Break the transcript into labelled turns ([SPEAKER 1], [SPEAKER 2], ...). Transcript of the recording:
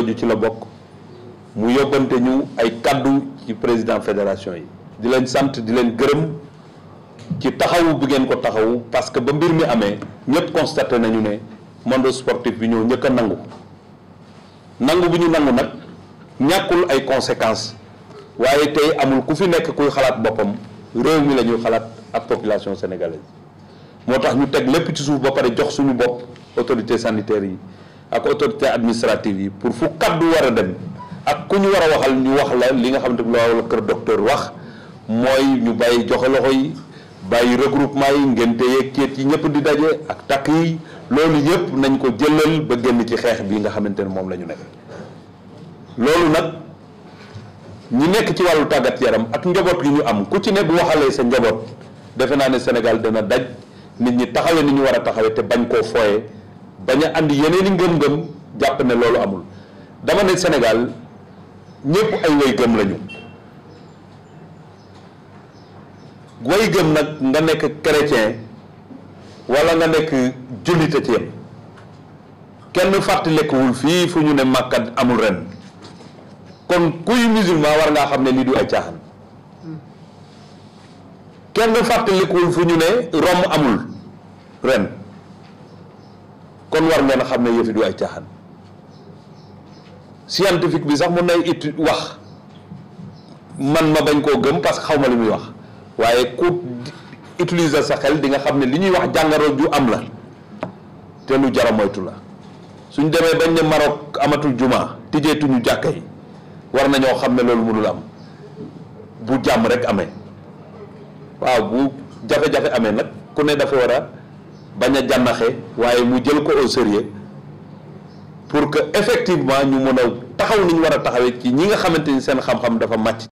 [SPEAKER 1] jooju ci la bokk mu yóbbante ñu ay kàddu ci président fédération yi di leen sant di leen gërëm ci taxawu bi ngeen ko taxawu parce que ba mbir mi amee ñëpp constaté nañu ne monde sportif bi ñëw njëkk a nangu nangu bi ñu nangu nag ñàkkul ay conséquence waaye tey amul ku fi nekk kuy xalaat boppam réew mi la xalaat ak population sénégalaise moo tax ñu teg lépp ci suuf ba pare jox suñu bopp autorités sanitaire yi ak autorité administrative yi pour fu kàddu war a dem ak ku ñu war a waxal ñu wax la li nga xam ne loolu kër docteur wax mooy ñu bàyyi joxe loxo yi bàyyi regroupement yi ngénte yeeg ceet yi ñëpp di daje ak takk yi loolu yëpp nañ ko jëlal ba génn ci xeex bi nga xamante ne moom la ñu nekk loolu nag ñi nekk ci wàllu tàggat yaram ak njaboot gi ñu am ku ci ne bu waxalee sa njaboot defe naa ne Sénégal dana daj nit ñi taxawe ni ñu war a taxawe te bañ koo fooye bañ a andi yeneen i ngëm-ngëm jàpp ne loolu amul dama ne Sénégal ñëpp ay way gëm lañu way gëm nag nga nekk chrétien walla nga nekk jullit a ci yem kenn fàttalekuwul fii fu ñu ne màkkat amul ren kon kuy musulman war ngaa xam ne lii du ay caaxaan kenn fàttalikuwul fu ñu ne Rome amul ren kon war ngeen a xam ne yëfi du ay caaxaan scientifique bi sax mun nay it wax man ma bañ koo gëm parce que xaw ma li muy wax waaye ku utiliser sa xel di nga xam ne li ñuy wax jàngoro ju am la te lu jara moytu la suñ demee bañ ne Maroc amatul jumaa juma tijjeetuñu jàkka yi war na ñoo xam ne loolu mënul am bu jàmm rek amee waaw bu jafe-jafe amee nag ku ne dafa war bañ a jànnaxe waaye mu jël ko au sérieux pour que effectivement ñu mun a taxaw ni ñu war a taxawee ci ñi nga xamante ni seen xam-xam dafa màcc.